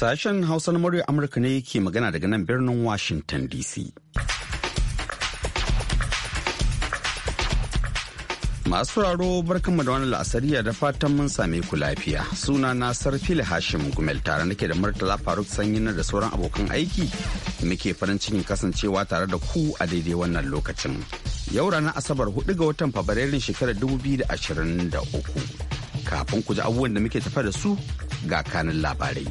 Sashen Hausa na murya Amurka ne ke magana daga nan birnin Washington DC. Masu raro barkanmu da wani la'asariya da fatan mun same ku lafiya. Suna na Sarfili Hashim Gumel tare nake da Murtala Faruk Sanyin da sauran abokan aiki muke farin cikin kasancewa tare da ku a daidai wannan lokacin. Yau ranar Asabar 4 ga watan Fabrairun shekarar 2023. Kafin ku ji abubuwan da muke tafa da su ga kanin labarai.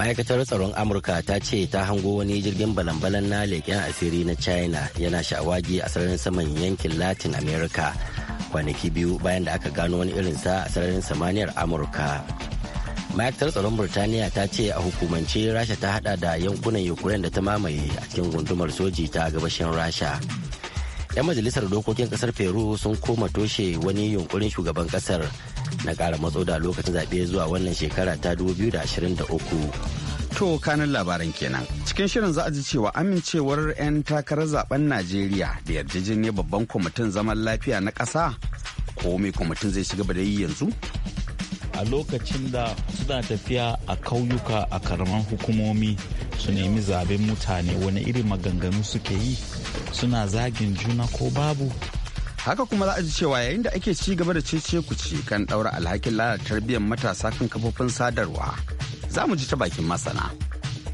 ma'aikatar tsaron amurka ta ce ta hango wani jirgin balan-balan na leƙen asiri na china yana shawagi a sararin saman yankin latin america kwanaki biyu bayan da aka gano wani irin sa a sararin samaniyar amurka ma'aikatar tsaron burtaniya ta ce a hukumance rasha ta hada da yankunan ukraine da ta mamaye a cikin gundumar soji ta gabashin rasha 'yan majalisar dokokin kasar peru sun koma toshe wani yunkurin shugaban kasar na kara matso da lokacin zaɓe zuwa wannan shekara ta 2023. To kanin labaran kenan. Cikin shirin za a ji cewa amincewar 'yan takarar zaben Najeriya da yarjejeniyar babban kwamitin zaman lafiya na ƙasa ko mai kwamitin zai shiga da yi yanzu? A lokacin da suna tafiya a kauyuka a karaman hukumomi su nemi zaben mutane wani irin maganganu suke yi suna zagin juna ko babu haka kuma za a ji cewa yayin da ake ci gaba da cece ci kan daura alhakin lalata tarbiyyar matasa kan kafofin sadarwa za mu ji ta bakin masana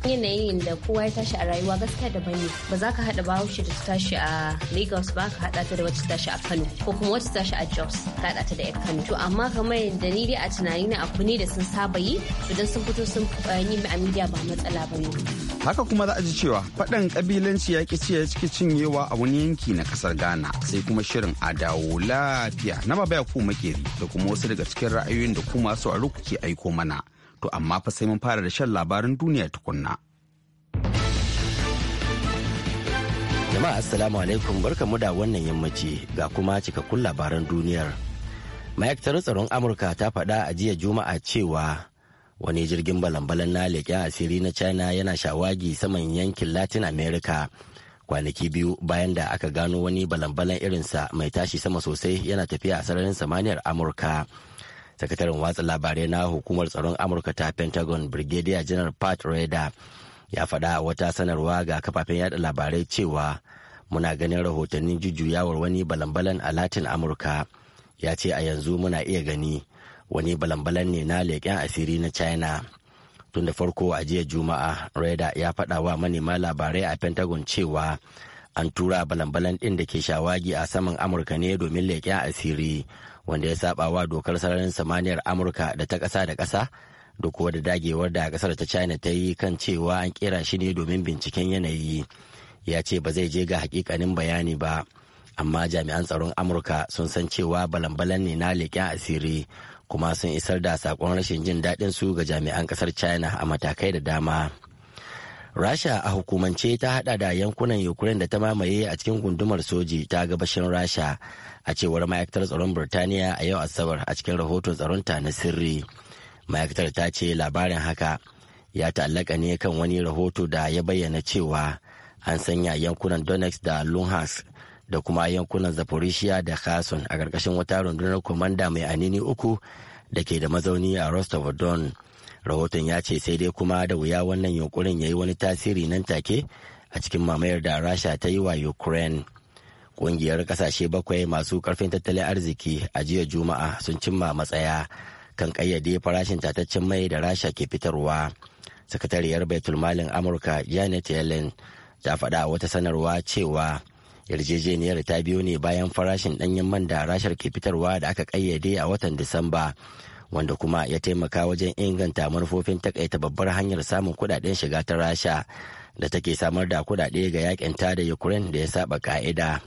yanayin da kowa ya tashi a rayuwa gaskiya da bane ba za ka haɗa bahaushe da ta tashi a lagos ba ka haɗa ta da wacce tashi a kano ko kuma wacce tashi a jos ka haɗa ta da yan kano to amma kamar yadda ni dai a tunani na abu ne da sun saba yi idan sun fito sun eh, yi a media ba matsala ba ne haka kuma za a ji cewa faɗan kabilanci ya ƙi ya ciki cinyewa a wani yanki na ƙasar ghana sai kuma shirin adawo lafiya na babaya ku makeri da kuma wasu daga cikin ra'ayoyin da kuma su sauraro kuke aiko mana to amma fa sai mun fara da shan labarin duniya tukunna. jama'a assalamu alaikum barkamu da wannan yammaci ga kuma cikakkun labaran duniyar ma'aikatar tsaron amurka ta faɗa a jiya juma'a cewa wani jirgin balambalan balan na leƙen asiri na china yana shawagi saman yankin latin america kwanaki biyu bayan da aka gano wani balambalan balan irinsa mai tashi sama sosai yana tafiya a sararin samaniyar amurka sakataren watsa labarai na hukumar tsaron amurka ta pentagon brigadier general pat reda ya faɗa wata sanarwa ga kafafen yada labarai cewa muna ganin rahotannin jujjuyawar wani balambalan a latin amurka ya ce a yanzu muna iya gani wani balan ne na leƙen asiri na china tun da farko a jiya juma'a reda ya faɗa wa manema labarai a pentagon cewa an tura balambalan balan ɗin da ke shawagi a saman amurka ne domin leƙen asiri wanda ya saba wa dokar sararin samaniyar amurka da ta ƙasa da ƙasa da kuwa da dagewar da ƙasar ta china ta yi kan cewa an kera shi ne domin binciken yanayi ya ce ba zai je ga hakikanin bayani ba amma jami'an tsaron amurka sun san cewa balambalan ne na leƙen asiri kuma sun isar da sakon rashin jin daɗin su ga jami'an ƙasar china a matakai da dama rasha a hukumance ta hada da yankunan ukraine da ta mamaye a cikin gundumar soji ta gabashin rasha a cewar ma'aikatar tsaron birtaniya a yau asabar a cikin rahoton tsaronta na sirri ma'aikatar ta ce labarin haka ya ta'allaka ne kan wani rahoto da ya bayyana cewa an sanya yankunan donetsk da luhansk da kuma yankunan zaporishiya da kherson a ƙarƙashin wata rundunar komanda mai anini uku da ke da mazauni a rostov don rahoton ya ce sai dai kuma da wuya wannan yunkurin ya yi wani tasiri nan take a cikin mamayar da rasha ta yi wa ukraine Ƙungiyar ƙasashe bakwai masu karfin tattalin arziki a jiya juma'a sun cimma matsaya kan ƙayyade farashin tataccen mai da rasha ke fitarwa sakatariyar baitulmalin amurka janet yellen ta faɗa wata sanarwa cewa yarjejeniyar ta biyo ne bayan farashin ɗanyen man da rashar ke fitarwa da aka ƙayyade a watan disamba wanda kuma ya taimaka wajen inganta manufofin takaita babbar hanyar samun kudaden shiga ta rasha da take samar da kudade ga yakin ta da ukraine da ya saba ka'ida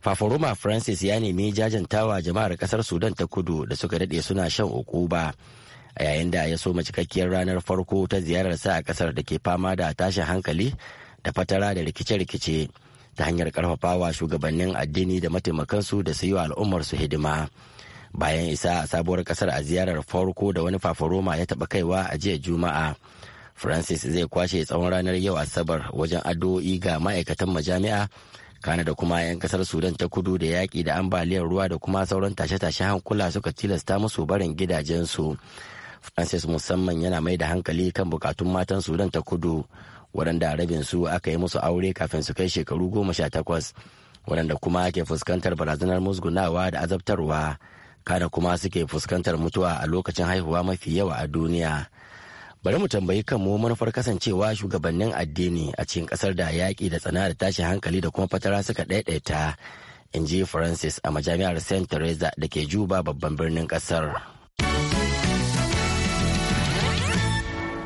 faforoma francis ya nemi jajantawa jama'ar kasar sudan ta kudu da suka dade suna shan ukuba a yayin da ya soma cikakkiyar ranar farko ta ziyararsa a kasar da ke fama da tashin hankali da fatara da rikice-rikice ta hanyar karfafawa shugabannin addini da mataimakansu da su yi wa su hidima bayan isa a sabuwar kasar a ziyarar farko da wani fafaroma ya taɓa kaiwa a jiya juma'a francis zai kwashe tsawon ranar yau asabar wajen addu'o'i ga ma'aikatan majami'a kana da kuma 'yan kasar sudan ta kudu da yaƙi da ambaliyar ruwa da kuma sauran tashe-tashe hankula suka tilasta musu barin gidajensu francis musamman yana mai da hankali kan bukatun matan sudan ta kudu waɗanda rabin su aka yi musu aure kafin su kai shekaru goma sha takwas waɗanda kuma ke fuskantar barazanar musgunawa da azabtarwa kada kuma suke fuskantar mutuwa a lokacin haihuwa mafi yawa a duniya bari mu tambayi kan mu manufar kasancewa shugabannin addini a cikin kasar da yaƙi da tsana da tashin hankali da kuma fatara suka ɗaiɗaita in ji francis a majami'ar st teresa da ke juba babban birnin ƙasar.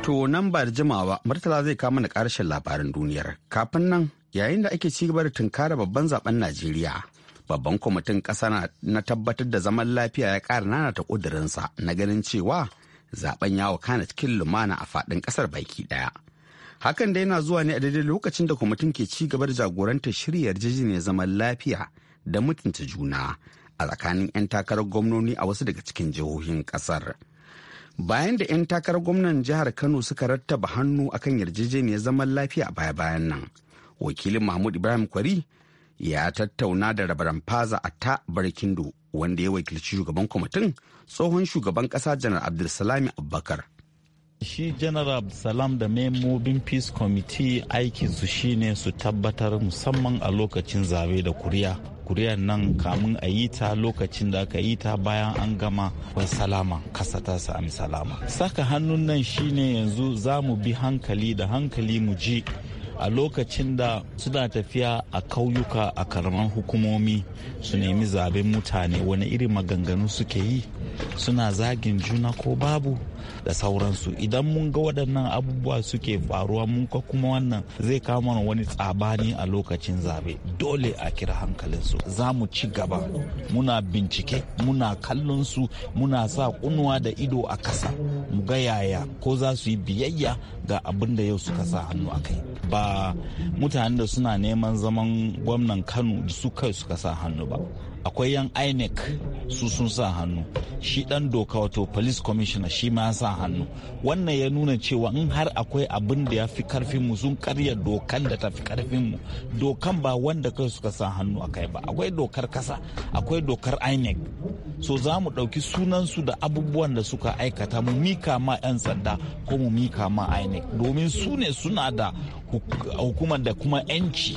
To nan ba da jimawa Murtala zai kama na karshen labaran duniyar. Kafin nan yayin da ake cigaba da tunkara babban zaben Najeriya. Babban kwamitin ƙasa na tabbatar da zaman lafiya ya ƙara ta ƙudurinsa na ganin cewa zaben ya kana cikin lumana a faɗin ƙasar baki ɗaya. Hakan da yana zuwa ne a daidai lokacin da kwamitin ke ci gaba da jagorantar shirya yarjejeniyar zaman lafiya da mutunta juna a tsakanin 'yan takarar gwamnoni a wasu daga cikin jihohin ƙasar. bayan da 'yan takarar gwamnan jihar kano suka rattaba hannu akan yarjejeniyar zaman lafiya a baya-bayan nan wakilin mahmud ibrahim kwari ya tattauna da rabaran faza a ta barkindo wanda ya wakilci shugaban kwamitin tsohon shugaban kasa janar abdulsalami abubakar shi general salam da membobin peace committee aikinsu shine su tabbatar musamman a lokacin zabe da kuriya kuri'ar nan kamun a yi ta lokacin da aka yi ta bayan an gama wai salama kasa ta sami salama saka hannun nan shine yanzu za mu bi hankali da hankali mu ji a lokacin da suna tafiya a kauyuka a karaman hukumomi su nemi zaben mutane wani irin maganganu suke yi suna zagin juna ko babu da sauransu idan mun ga waɗannan abubuwa suke faruwa mun ka kuma wannan zai kama wani tsabani a lokacin zabe dole a kira hankalinsu za mu ci gaba muna bincike muna kallon su muna sa kunuwa da ido a kasa mu ga yaya ko za su yi biyayya ga abin da yau suka sa hannu a kai ba mutanen da suna neman zaman gwamnan kano su kai suka sa hannu ba akwai yan inec su sun sa hannu shi dan doka wato police commissioner shi ma sa hannu wannan ya nuna cewa in har akwai abin da ya fi karfin mu sun karya dokan da ta fi karfin mu dokan ba wanda kai suka sa hannu a kai ba akwai dokar kasa akwai dokar inec so za mu ɗauki su da abubuwan da suka aikata mu mika ma 'yan sanda ko mu mika ma inec domin su ne suna da hukumar da kuma 'yanci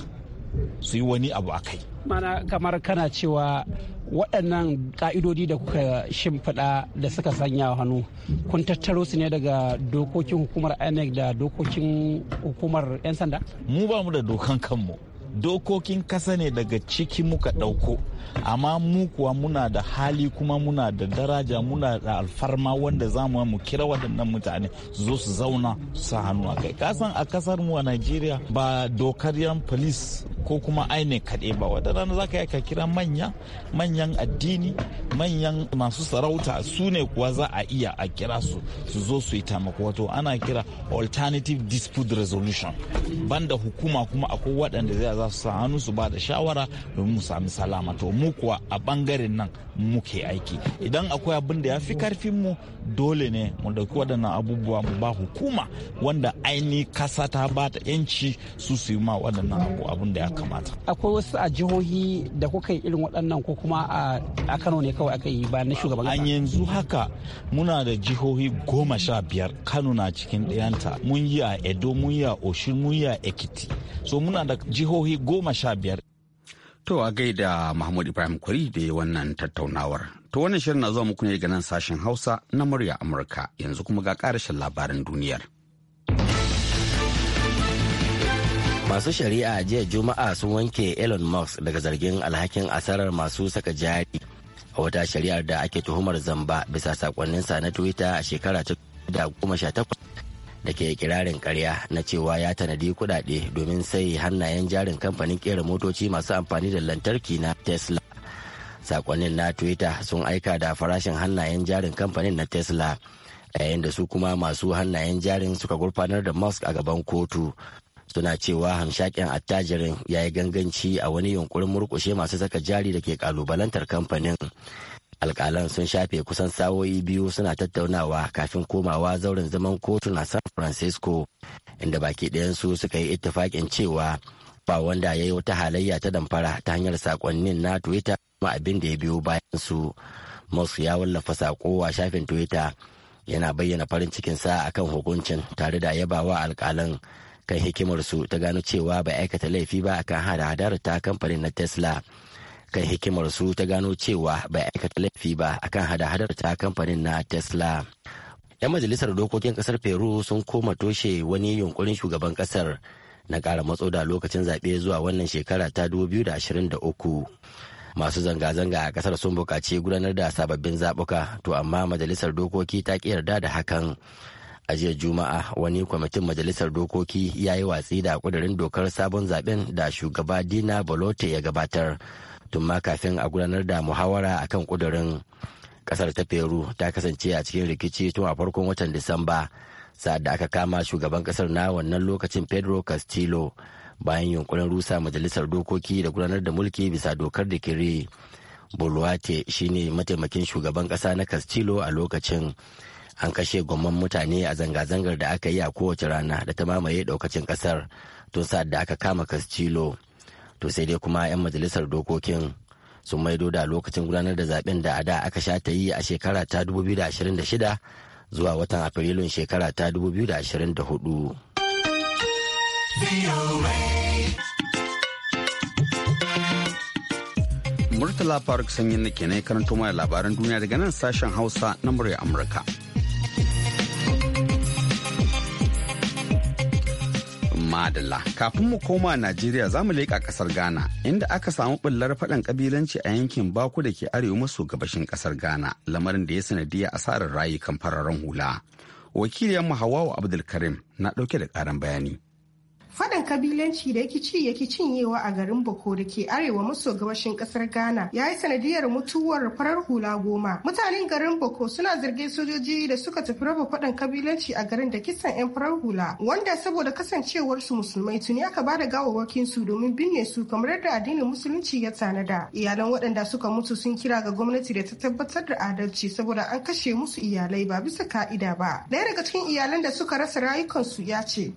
su yi wani abu a kai mana kamar kana cewa waɗannan ƙa'idodi da kuka shimfiɗa da suka sanya hannu kun tattaro su ne daga dokokin hukumar inec da dokokin hukumar 'yan sanda mu ba mu da dokan kanmu dokokin kasa ne daga ciki muka ɗauko amma mu kuwa muna da hali kuma muna da daraja muna da alfarma wanda za mu mu kira waɗannan mutane zo su zauna su hannu a kai kasan a kasar mu a najeriya ba dokar yan polis ko kuma aine kaɗe ba wata rana za ka yi kira manya manyan addini manyan masu sarauta su ne kuwa za a iya a kira su su zo su yi taimako wato ana kira alternative dispute resolution banda hukuma kuma akwai waɗanda zai za su hannu su ba da shawara domin mu sami salama to mu kuwa a bangaren nan muke aiki idan akwai abin da ya fi karfin mu dole ne mu dauki waɗannan abubuwa mu ba hukuma wanda aini kasa ta ba ta yanci su su yi ma waɗannan abu abin da ya kamata akwai wasu a jihohi da kuka yi irin waɗannan ko kuma a Kano ne kawai aka yi ba na shugaban kasa yanzu haka muna da jihohi goma sha biyar Kano na cikin ɗayanta mun yi a Edo mun yi a Oshun mun yi a Ekiti so muna da jihohi goma sha biyar. To a gaida Mahmud Ibrahim Kwari da wannan tattaunawar. To wannan shirin na zuwa muku ne daga sashen Hausa na murya Amurka yanzu kuma ga ƙarashin labaran duniyar. Masu shari'a jiya Juma'a sun wanke Elon Musk daga zargin alhakin asarar masu saka jari a wata shari'ar da ake tuhumar zamba bisa sakonninsa na Twitter a shekara ta da da ke kirarin karya na cewa ya tanadi kudade domin sai hannayen jarin kamfanin kera motoci masu amfani da lantarki na tesla sakonnin na twitter sun aika da farashin hannayen jarin kamfanin na tesla yayin da su kuma masu hannayen jarin suka gurfanar da musk a gaban kotu suna cewa hamshakin attajirin ya yi ganganci a wani yunkurin murkushe masu saka jari da ke kalubalantar kamfanin alkalan sun shafe kusan sawoyi biyu suna tattaunawa kafin komawa zauren zaman kotu na san francisco inda baki ɗayansu suka yi ittifaƙin cewa ba wanda ya yi wata halayya ta damfara ta hanyar saƙonnin na twitter kuma abin da ya biyo bayan su musk ya wallafa sako a shafin twitter yana bayyana farin cikinsa akan hukuncin tare da wa alkalan kan hikimarsu ta gano cewa bai aikata laifi ba akan hada-hadar ta kamfanin na tesla kan hikimar su ta gano cewa bai aikata laifi ba akan hada-hadar ta kamfanin na tesla 'yan majalisar dokokin kasar peru sun koma toshe wani yunkurin shugaban kasar na ƙara matso da lokacin zaɓe zuwa wannan shekara ta 2023 masu zanga-zanga a kasar sun buƙaci gudanar da sababbin zaɓuka to amma majalisar dokoki ta ƙi yarda da hakan a jiya juma'a wani kwamitin majalisar dokoki ya yi watsi da ƙudurin dokar sabon zaɓen da shugaba dina bolote ya gabatar tun kafin a gudanar da muhawara a kan kudurin kasar ta peru ta kasance a cikin rikici tun a farkon watan disamba sa'ad da aka kama shugaban kasar na wannan lokacin pedro castillo bayan yunkurin rusa majalisar dokoki da gudanar da mulki bisa dokar da kiri boluarte shine mataimakin shugaban kasa na castillo a lokacin an kashe gwamman mutane a zanga-zangar da aka yi a kowace rana da ta mamaye daukacin kasar tun sa'ad da aka kama castillo to sai dai kuma 'yan majalisar dokokin sun maido da lokacin gudanar da zaben da a da aka sha ta yi a shekara ta 2026 zuwa watan afrilun shekara ta 2024 Murtala Faruk Sanyin na ke karanto mana labaran duniya daga nan sashen Hausa na murya Amurka. Madalla. Kafin mu koma Najeriya za mu leƙa ƙasar Ghana, inda aka samu ɓullar faɗan ƙabilanci a yankin Baku da ke arewa maso gabashin ƙasar Ghana, lamarin da ya sanadiyar asarar rayukan fararen hula. Wakiliyar Hawawa Abdulkarim na ɗauke da ƙarin bayani. Faɗan kabilanci da yake ci yake cinyewa a garin Boko da ke arewa maso gabashin kasar Ghana ya yi sanadiyar mutuwar farar hula goma. Mutanen garin Boko suna zargin sojoji da suka tafi raba faɗan kabilanci a garin da kisan 'yan farar hula wanda saboda kasancewarsu musulmai tuni aka ba da gawawakin su domin binne su kamar yadda addinin musulunci ya tanada. Iyalan waɗanda suka mutu sun kira ga gwamnati da ta tabbatar da adalci saboda an kashe musu iyalai ba bisa ka'ida ba. Ɗaya daga cikin iyalan da suka rasa rayukansu ya ce,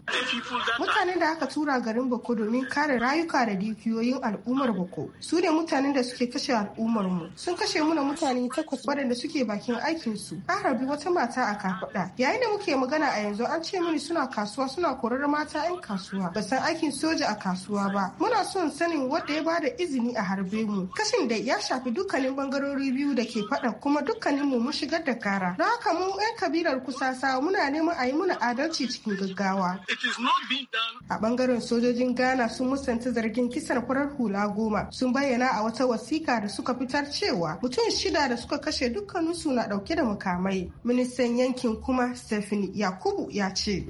mutanen da aka tura garin Boko domin kare rayuka da dukiyoyin al'ummar Boko. Su ne mutanen da suke kashe al'ummar mu. Sun kashe muna mutane takwas waɗanda suke bakin aikin su. An harbi wata mata a kafaɗa. Yayin da muke magana a yanzu an ce mini suna kasuwa suna korar mata 'yan kasuwa. Ba san aikin soja a kasuwa ba. Muna son sanin wanda ya bada izini a harbe mu. Kashin da ya shafi dukkanin bangarori biyu da ke faɗa kuma dukkaninmu mu mun shigar da kara. Don haka mu 'yan kabilar kusa sa muna neman a yi muna adalci cikin gaggawa. A a bangaren sojojin ghana sun musanta zargin kisan farar hula goma sun bayyana a wata wasika da suka fitar cewa mutum shida da suka kashe dukkaninsu na dauke da mukamai ministan yankin kuma stephanie yakubu ya ce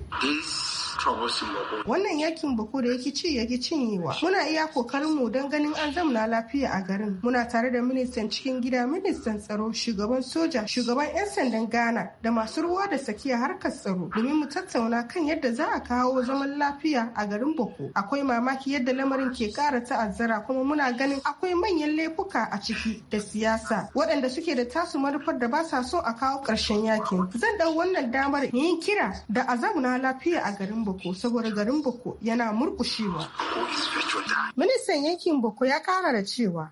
Wannan yakin bako da yake ci yake cinyewa. Muna iya kokarin mu don ganin an zamna lafiya a garin. Muna tare da ministan cikin gida, ministan tsaro, shugaban soja, shugaban 'yan sandan Ghana da masu ruwa da tsakiya harkar tsaro domin mu tattauna kan yadda za a kawo zaman lafiya a garin Boko. Akwai mamaki yadda lamarin ke kara ta'azzara kuma muna ganin akwai manyan laifuka a ciki da siyasa waɗanda suke da tasu manufar da ba sa so a kawo ƙarshen yakin. Zan ɗau wannan damar yin kira da a zamna lafiya a garin Boko saboda garin Boko yana murkushewa. Ministan yankin Boko ya kara da cewa.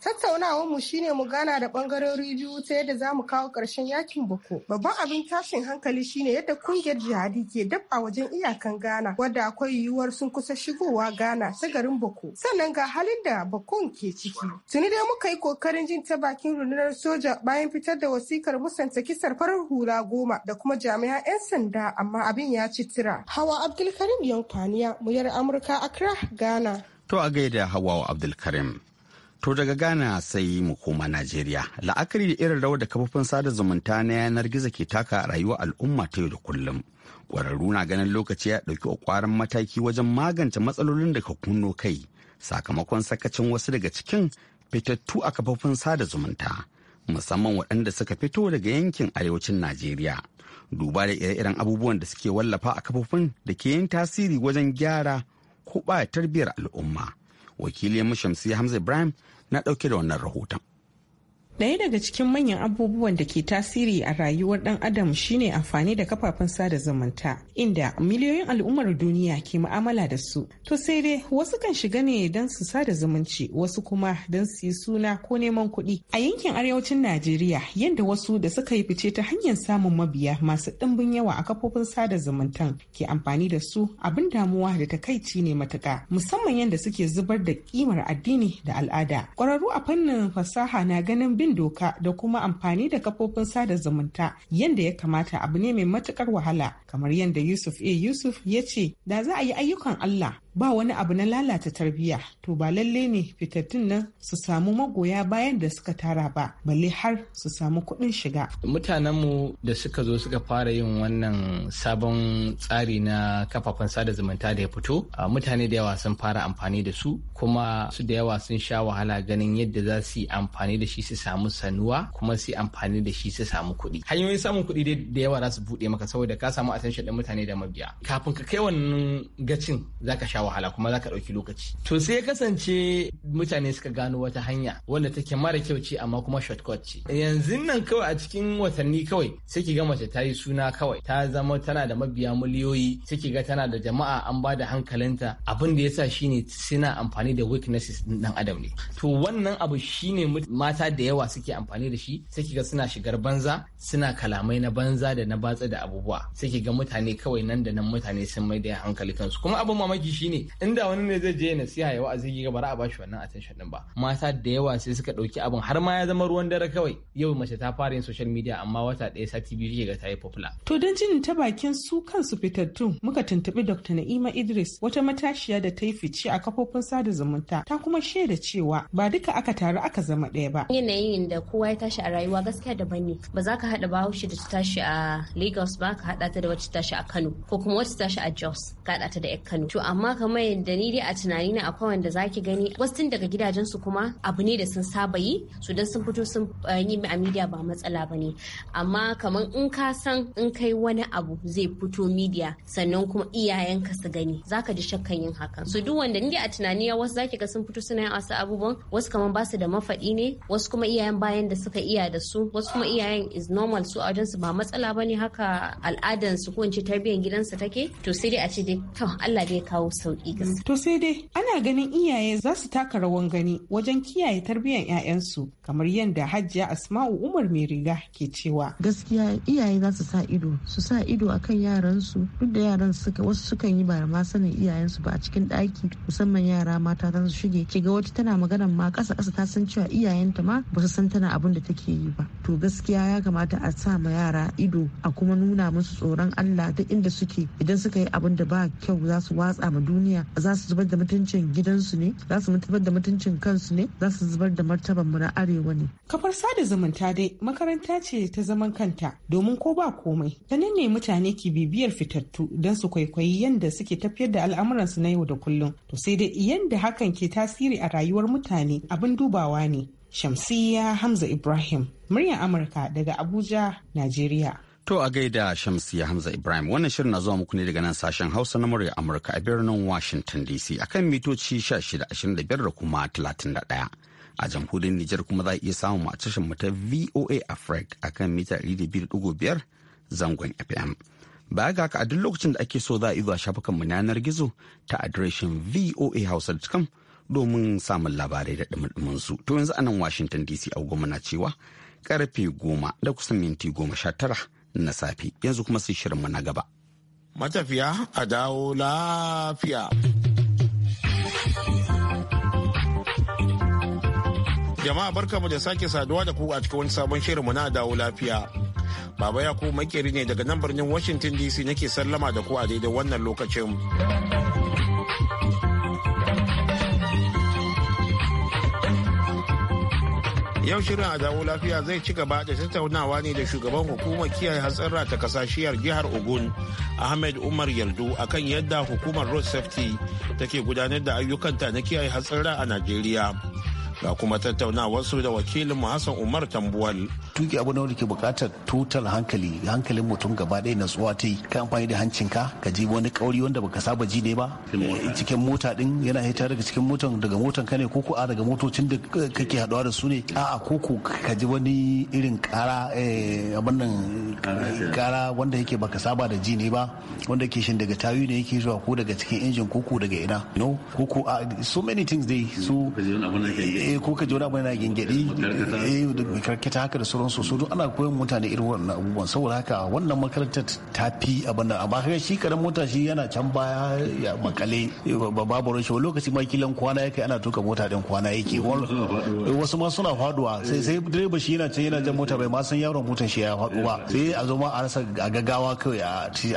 Tattaunawar mu shine mu gana da bangarori biyu ta yadda za mu kawo ƙarshen yakin Boko. Babban abin tashin hankali shine yadda kungiyar jihadi ke dab wajen iyakan gana wadda akwai yiwuwar sun kusa shigowa gana ta garin Boko. Sannan ga halin da bakon ke ciki. Tuni dai muka yi kokarin jin ta bakin rundunar soja bayan fitar da wasikar musanta kisar farar hula goma da kuma jami'an 'yan sanda amma abin Karim ya ci tira. Hawa Abdulkarim Yankwaniya, muyar Amurka Accra, Ghana. To a gaida Hawa Abdulkarim. To daga Ghana sai mu koma Najeriya. La'akari da irin rawar da kafofin sada zumunta na yanar gizo ke taka a rayuwar al'umma ta yau da kullum. Ƙwararru na ganin lokaci ya ɗauki kwarin mataki wajen magance matsalolin da ka kunno kai sakamakon sakacin wasu daga cikin fitattu a kafofin sada zumunta musamman waɗanda suka fito daga yankin arewacin Najeriya. duba da ire-iren abubuwan da suke wallafa a kafofin da ke yin tasiri wajen gyara ko ba tarbiyyar al'umma wakilin shamsi hamza ibrahim na ɗauke da wannan rahoton Ɗaya daga cikin manyan abubuwan da ke tasiri a rayuwar ɗan adam shine amfani da kafafen sada zumunta inda miliyoyin al'ummar duniya ke mu'amala da su. To sai dai wasu kan shiga ne don su sada zumunci wasu kuma don su yi suna ko neman kuɗi. A yankin arewacin Najeriya yadda wasu da suka yi fice ta hanyar samun mabiya masu ɗimbin yawa a kafofin sada zumuntan ke amfani da su abin damuwa da takaici ne matuƙa musamman yadda suke zubar da ƙimar addini da al'ada. Ƙwararru a fannin fasaha na ganin bin doka da kuma amfani da kafofin sada zumunta yadda ya kamata abu ne mai matukar wahala kamar yadda Yusuf A Yusuf ya ce da za a yi ayyukan Allah ba wani abu na lalata tarbiyya to ba lalle ne fitattun nan su samu magoya bayan da suka tara ba balle har su samu kuɗin shiga mutanenmu da suka zo suka fara yin wannan sabon tsari na kafafen sada zumunta da ya fito mutane da yawa sun fara amfani da su kuma su da yawa sun sha wahala ganin yadda za su yi amfani da shi su samu sanuwa kuma su yi amfani da shi su samu kuɗi hanyoyin samun kuɗi da yawa za su buɗe maka saboda ka samu attention ɗin mutane da mabiya kafin ka kai wannan gacin za ka sha wahala kuma za ka ɗauki lokaci. To sai ya kasance mutane suka gano wata hanya wanda take mara kyau ce amma kuma shortcut ce. Yanzu nan kawai a cikin watanni kawai sai ki ga mace ta yi suna kawai ta zama tana da mabiya miliyoyi sai ki ga tana da jama'a an ba da hankalinta abin da yasa shine suna amfani da weaknesses ɗan adam ne. To wannan abu shine mata da yawa suke amfani da shi sai ki ga suna shigar banza suna kalamai na banza da na batsa da abubuwa sai ki ga mutane kawai nan da nan mutane sun mai da hankali kansu kuma abin mamaki shine ne inda wani ne zai je nasiha ya wa'azi ga bara a bashi wannan attention din ba mata da yawa sai suka dauki abin har ma ya zama ruwan dare kawai yau mace ta fara yin social media amma wata ɗaya sati biyu ga ta yi popular to don jin ta bakin su kansu fitattun muka tuntubi Dr. Na'ima Idris wata matashiya da ta yi fice a kafofin sada zumunta ta kuma shaida cewa ba duka aka taru aka zama ɗaya ba yanayin da kowa ya tashi a rayuwa gaskiya da ne ba za ka haɗa bahaushe da ta tashi a Lagos ba ka haɗa ta da wacce tashi a Kano ko kuma wacce tashi a Jos ka haɗa ta da 'yan Kano to amma kamar yadda ni dai a tunani na akwai wanda zaki gani wasu tun daga gidajensu kuma abu ne da sun saba yi su dan sun fito sun eh, yi a midiya ba matsala ba ne amma kamar in ka san in kai wani abu zai fito midiya sannan kuma iyayenka su gani zaka ji shakkan yin hakan su duk wanda ni a tunani wasu zaki ga sun fito suna yin wasu abubuwan wasu kamar ba su da mafaɗi ne wasu kuma iyayen bayan da suka iya da su wasu kuma iyayen is normal su a wajensu ba matsala ba ne haka al'adansu ko in ce tarbiyyar gidansu take to sai dai a ce dai to Allah dai kawo su sauki mm, To sai dai ana ganin iyaye za su taka rawan gani wajen kiyaye tarbiyyar 'ya'yansu kamar yadda hajjiya Asma'u Umar mai riga ke cewa. Gaskiya iyaye za su sa ido su sa ido akan yaransu duk da yaran suka wasu sukan yi ba ma sanin iyayensu ba a cikin ɗaki musamman yara mata za su shige kiga wata tana maganar ma ƙasa ƙasa ta san cewa iyayenta ma ba su san tana abin da take yi ba to gaskiya ya kamata a sa ma yara ido a kuma nuna musu tsoron Allah ta inda suke idan suka yi abin da ba kyau za su watsa ma duniya za su zubar da mutuncin gidansu ne za su zubar da mutuncin kansu ne za su zubar da martaban mu na arewa ne kafar sada zumunta dai makaranta ce ta zaman kanta domin ko ba komai sanin ne mutane ke bibiyar fitattu don su kwaikwayi yadda suke tafiyar da al'amuransu na yau da kullum to sai dai yadda hakan ke tasiri a rayuwar mutane abin dubawa ne Shamsiyya Hamza Ibrahim, muryar Amurka daga Abuja, Najeriya. To a gaida Shamsiya Hamza Ibrahim wannan shirin na zuwa muku ne daga nan sashen Hausa na muryar Amurka a birnin Washington DC akan mitoci 1625 da kuma 31. A jamhuriyar Nijar kuma za a iya samun a tashar ta VOA Africa akan mita 200.5 zangon FM. Baya ga haka a duk lokacin da ake so za a iya zuwa shafukanmu na yanar gizo ta adireshin v.o.a Hausa.com. domin samun labarai da ɗumɗumin su. To yanzu anan Washington DC a goma na cewa karfe goma da kusan minti goma sha tara na safe yanzu kuma sai shirinmu na gaba. Matafiya a dawo lafiya. Jama'a barkamu da sake saduwa da ku a cikin wani sabon shirinmu na dawo lafiya. Baba Yakubu makeri ne daga nan birnin Washington DC nake sallama da ku a daidai wannan lokacin. Yau shirin a dawo lafiya zai ci gaba da tattaunawa ne da shugaban hukumar kiyaye hatsarra ta kasashiyar jihar Ogun, Ahmed Umar Yardu akan yadda hukumar Road Safety take gudanar da ayyukanta na kiyaye hatsarra a Najeriya. ga kuma tattaunawarsu da wakilin mu Hassan Umar Tambuwal. Tuki abu da ke bukatar tutar hankali hankalin mutum gaba ɗaya natsuwa ta yi ka amfani da hancinka ka ji wani kauri wanda baka saba ji ne ba cikin mota din eh, yana hita daga cikin motan daga motan ka ne ko a daga motocin da kake haɗuwa da su ne a'a ko ko ka ji wani irin kara eh, abin nan kara wanda yake baka saba da ji ne ba wanda ke shin daga tayu ne yake zuwa ko daga cikin injin koko daga ina no koko so many things dai su eh ko ka jona bana gingiri eh karkata haka da sauran su duk ana koyon mutane irin wannan abubuwan saboda haka wannan makarantar ta fi abin nan amma kaga shi karan mota shi yana can baya ya makale babu rashin lokaci ma kilan kwana yake ana tuka mota din kwana yake wasu ma suna faduwa sai sai direba shi yana can yana jan mota bai ma san yaron motar shi ya faɗu ba sai a zo ma a rasa a gaggawa kawai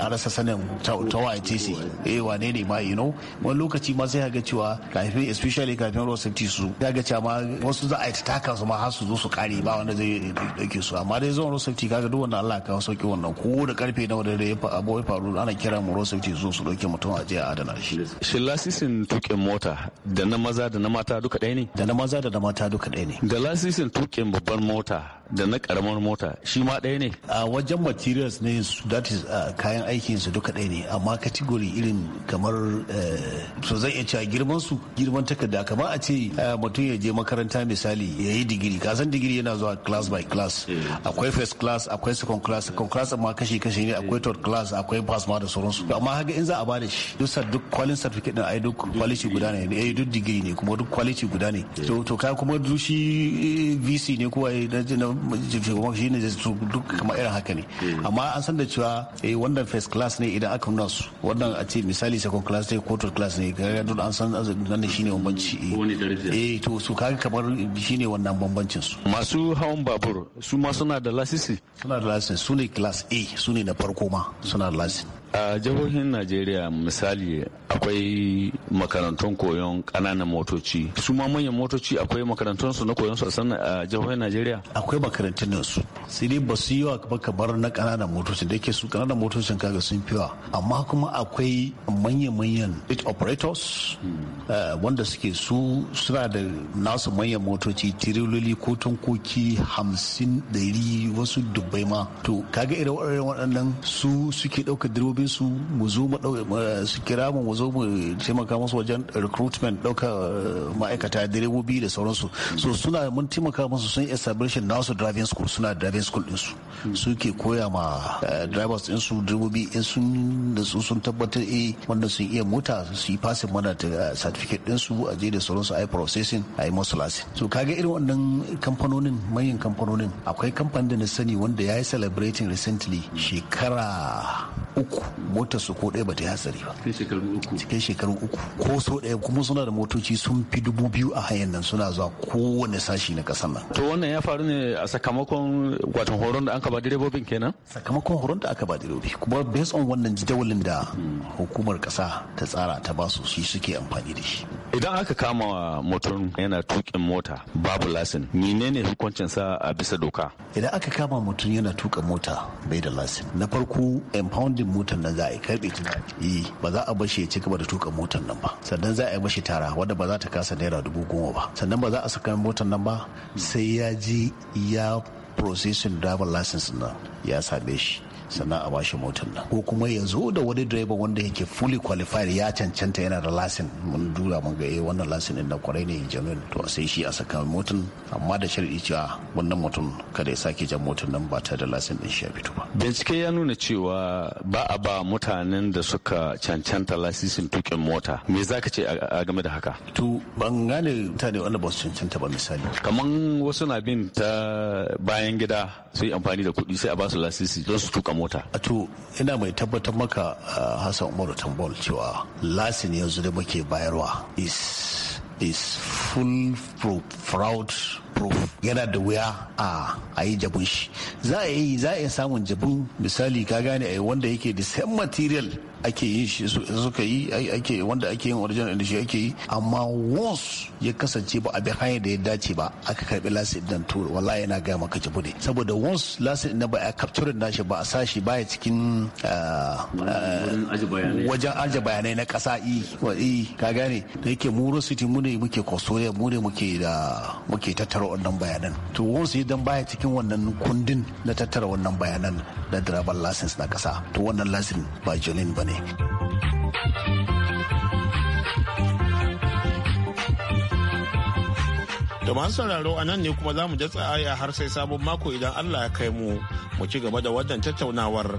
a rasa sanin tawa a tc eh wane ne ma you know wani lokaci ma sai ga cewa kafin especially kafin ruwa safety su ga cewa watakila ma wasu za a yi taka su ma har su zo su kare ba wanda zai dauke su amma dai zuwan rosafti kaga duk wannan Allah ka sauki wannan ko da karfe na wanda ya abu ya faru ana kira mu rosafti zo su dauke mutum a je a adana shi shi lasisin tukin mota da na maza da na mata duka ɗaya ne da na maza da na mata duka ɗaya ne da lasisin tukin babbar mota da na karamar mota shi ma ɗaya ne a wajen materials ne su that is kayan aikin su duka ɗaya ne amma category irin kamar eh, so zai iya cewa girman su girman takarda kamar a ce eh, mutum ya je je makaranta misali ya yi digiri san digiri yana zuwa class by class hmm. akwai first class akwai second class second class amma kashi kashi ne akwai third class akwai pass ma da sauransu amma haka in za a bada shi duk duk kwalin certificate din ai duk quality guda ne eh duk digiri ne kuma duk quality guda ne hmm. to to kai kuma duk shi eh, VC ne ko ai na kuma shi ne duk kuma irin haka ne hmm. amma an san da cewa eh wannan first class ne idan aka nuna su wannan a ce misali second class ne ko third class ne ga duk an san nan shine bambanci eh. eh to su kaga kamar shine wannan bambancin su masu hawan babur su ma suna da lasisi suna da lasisi su ne class A su ne na farko ma suna da lasisi a jihohin najeriya misali akwai makarantun koyon kananan motoci su ma manyan motoci akwai makarantun su na koyon su a jihohin najeriya akwai makarantun nan su sai dai ba su yi wa kamar na ƙananan motoci da ke su ƙananan motocin kaga sun fiwa amma kuma akwai manya-manyan operators hmm. eh, wanda suke su suna da nasu manyan motoci tiriloli ko tankoki hamsin dari wasu dubbai ma to kaga irin waɗannan su suke ɗaukar direbobi su mu zo mu su kira mu mu zo mu taimaka musu wajen recruitment dauka eh, ma'aikata direbobi da sauransu so suna mun taimaka musu sun establishing nasu driving school suna driving school din su ke koya ma eh, drivers su direbobi in sun da su sun tabbatar eh wanda sun iya mota su yi passing mana eh, certificate din su a je da sauransu a yi processing a yi musu lasin so kaga irin wannan kamfanonin manyan kamfanonin akwai kamfanin da na sani wanda ya yi celebrating recently shekara uku motar su ko ɗaya bata yi hatsari ba cikin shekaru uku ko so ɗaya kuma suna da motoci sun fi dubu biyu a hanyar nan suna zuwa kowane sashi na ƙasar nan to wannan ya faru ne a sakamakon wato horon da aka ba direbobin kenan sakamakon horon da aka ba direbobi kuma based on wannan jadawalin da hukumar ƙasa ta tsara ta ba su shi suke amfani da shi idan aka kama motar yana tukin mota babu lasin menene sa a bisa doka idan aka kama mutum yana tuka mota bai da lasin na farko impounding motar nan za a yi karbe ta yi eh, ba za a bashi ya ci gaba da tuka motar nan ba sannan za a yi mashi tara wadda ba za ta kasa naira dubu goma ba sannan ba za a saka motar nan ba sai ya ji ya processing driver license na ya same shi sannan a bashi motar nan ko kuma ya zo da wani direba wanda yake fully qualified ya cancanta yana da lasin mun dura mun ga eh wannan lasin din na kwarai ne genuine to sai shi a saka motar amma da sharadi cewa wannan mutum kada ya sake jan motar nan ba ta da lasin din shi ya fito ba bincike ya nuna cewa ba a ba mutanen da suka cancanta lasisin tukin mota me zaka ce a game da haka to ban gane mutane wanda ba su cancanta ba misali kaman wasu na bin ta bayan gida sai amfani da kuɗi sai a ba su lasisi don su tuka mota to ina mai tabbatar maka uh, hassan umaru tambol cewa lasin yanzu da muke bayarwa is is full proof fraud proof yana da wuya a yi jabun shi za a yi za a samun jabun misali ka gane a eh, wanda yake the same material ake yi shi suka yi ake wanda ake yin original da shi ake yi amma once ya kasance ba a bi hanyar da ya dace ba aka karbi lasin dan turu wallahi yana ga maka ji bude saboda once lasin na ba a capture shi ba a sashi baya cikin ah, ah, wajen aje bayanai na kasa i ka gane da yake mu city mu ne muke kosoya mu ne muke da muke tattara wannan bayanan to once idan baya cikin wannan kundin na tattara wannan bayanan da driver license na kasa to wannan lasin ba jolin ba ne da masu sauraro a nan ne kuma za mu jatsa aya har sai sabon mako idan allah ya kai mu mu ci gaba da wannan tattaunawar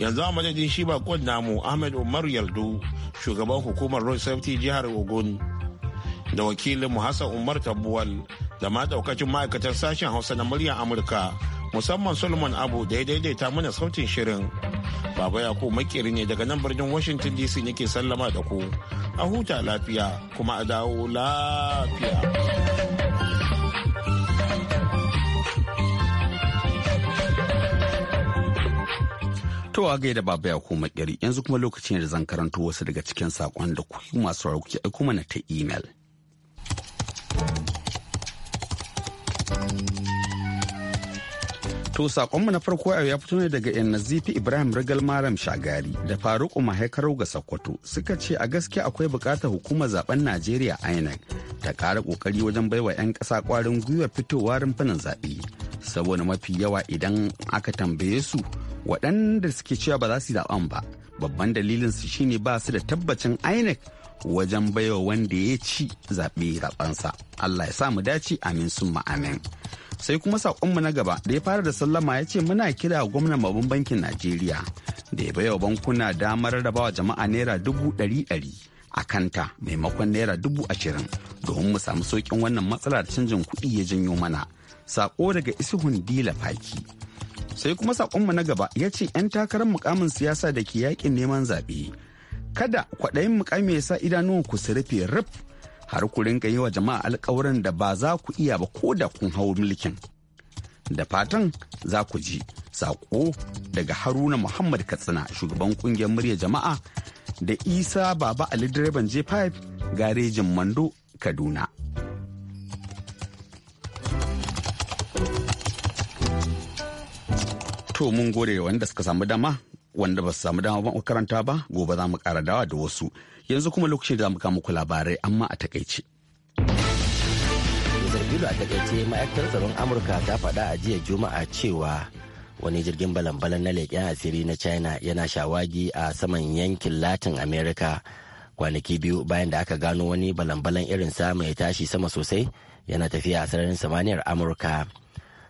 yanzu a madadin shi bakon namu ahmed umar yaldu shugaban hukumar road safety jihar ogun da wakilin mu hassan umar tabuwal da ma daukacin ma'aikatar sashen hausa na muryar amurka musamman solomon abu da ya daidaita mana sautin shirin baba yako makeri ne daga nan birnin washington dc nake sallama da ku a huta lafiya kuma a dawo lafiya towa gai da baba yako makeri yanzu kuma lokacin da zan karanto wasu daga cikin saƙon da ku masu kuke aiko mana ta imel. To sakonmu na farko yau ya fito ne daga yan nazifi Ibrahim Rigal Maram Shagari da Faruku Mahaikarau ga Sokoto suka ce a gaskiya akwai bukatar hukumar zaben Najeriya INEC ta kara ƙoƙari wajen baiwa 'yan ƙasa kwarin gwiwa fitowa rumfunan zaɓe. Saboda mafi yawa idan aka tambaye su waɗanda suke cewa ba za su zaɓen ba. Babban dalilin su shine ba su da tabbacin INEC wajen baiwa wanda ya ci zaɓe zaɓensa. Allah ya sa mu dace amin sun amin. sai kuma saƙonmu na gaba da ya fara da sallama ya ce muna kira gwamnan babban bankin najeriya da ya baiwa bankuna damar rabawa jama'a naira dubu ɗari ɗari a kanta maimakon naira dubu ashirin domin mu samu sauƙin wannan matsalar canjin kuɗi ya janyo mana saƙo daga isuhun dila faki sai kuma saƙonmu na gaba ya ce 'yan takarar mukamin siyasa da ke yakin neman zaɓe kada kwaɗayin mukami ya sa idanuwan ku su rufe rufe har ku rinka yi wa jama'a alkawarin da ba za ku iya ba ko da kun hau mulkin da fatan za ku ji sako daga haruna muhammad katsina shugaban kungiyar murya jama'a da isa baba ali direban j5 garejin mando kaduna to mun gode wanda suka samu dama wanda ba su samu dama ba karanta ba gobe za mu kara dawa da wasu yanzu kuma lokacin da za kama muku labarai amma a takaice. da a takaice ma'aikatar tsaron amurka ta faɗa a jiya juma'a cewa wani jirgin balan-balan na leƙen asiri na china yana shawagi a saman yankin latin america kwanaki biyu bayan da aka gano wani balan-balan irin sa mai tashi sama sosai yana tafiya a sararin samaniyar amurka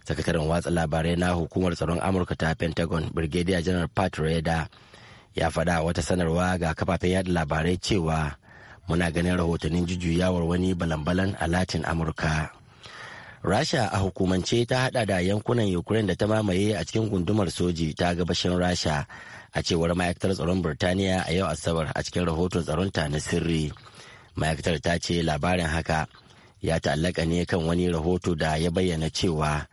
sakataren watsa labarai na hukumar tsaron amurka ta pentagon brigadier general pat reda ya faɗa wata sanarwa ga kafafen yada labarai cewa muna ganin rahotannin jujjuyawar wani balan-balan a latin amurka rasha a hukumance ta hada da yankunan ukraine da ta mamaye a cikin gundumar soji ta gabashin rasha a cewar ma'aikatar tsaron birtaniya a yau asabar a cikin rahoton tsaronta na sirri ma'aikatar ta ce labarin haka ya ta'allaka ne kan wani rahoto da ya bayyana cewa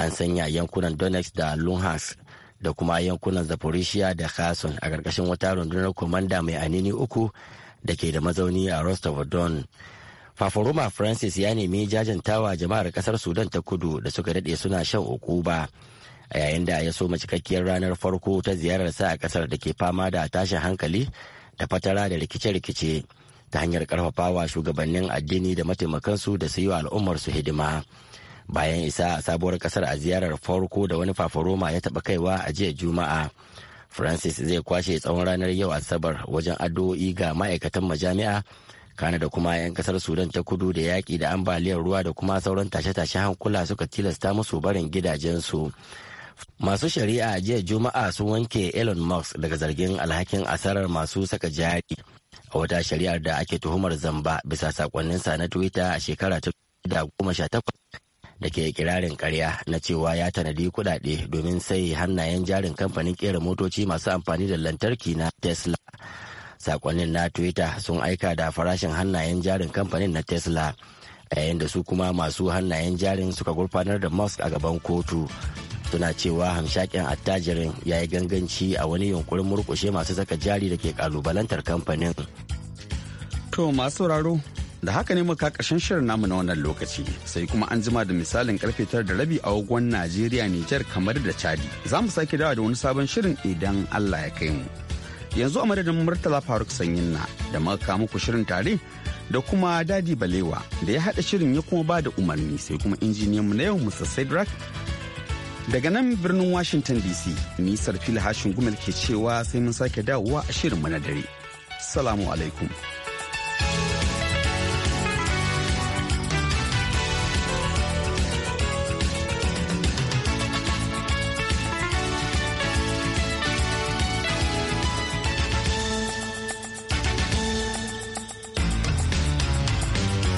an sanya yankunan donetsk da luhansk da kuma yankunan zaporishiya da kherson a ƙarƙashin wata rundunar komanda mai anini uku da ke da mazauni a rostov don faforoma francis ya nemi jajantawa jama'ar ƙasar sudan ta kudu da suka daɗe suna shan ukuba a yayin da ya soma cikakkiyar ranar farko ta ziyarar sa a ƙasar da ke fama da tashin hankali da fatara da rikice-rikice ta hanyar ƙarfafawa shugabannin addini da mataimakansu da su yi wa al'ummarsu hidima. bayan isa a sabuwar kasar a ziyarar farko da wani fafaroma ya taɓa kaiwa a jiya juma'a francis zai kwashe tsawon ranar yau asabar wajen addu'o'i ga ma'aikatan majami'a kana da kuma 'yan kasar sudan ta kudu da yaƙi da ambaliyar ruwa da kuma sauran tashe-tashe hankula suka tilasta musu barin gidajensu masu shari'a jiya juma'a sun wanke elon musk daga zargin alhakin asarar masu saka jari a wata shari'ar da ake tuhumar zamba bisa sakonninsa na twitter a shekara ta da ke kirarin karya na cewa ya tanadi kudade domin sai hannayen jarin kamfanin kera motoci masu amfani da lantarki na tesla sakonnin na twitter sun aika da farashin hannayen jarin kamfanin na tesla yayin da su kuma masu hannayen jarin suka gurfanar da musk a gaban kotu suna cewa hamshakin attajirin ya yi ganganci a wani yunkurin murkushe masu saka jari da ke kalubalantar kamfanin to masu sauraro da haka ne muka ƙarshen shirin namu na wannan lokaci sai kuma an jima da misalin karfe tara da rabi a wagon najeriya nijar kamar da chadi za mu sake dawa da wani sabon shirin idan allah ya kai mu yanzu a madadin murtala faruk sanyin na da muka muku shirin tare da kuma dadi balewa da ya haɗa shirin ya kuma ba da umarni sai kuma injiniyan mu na yau musa cedric daga nan birnin washington dc nisar fili hashin gumel ke cewa sai mun sake dawowa a shirin mu na dare salamu alaikum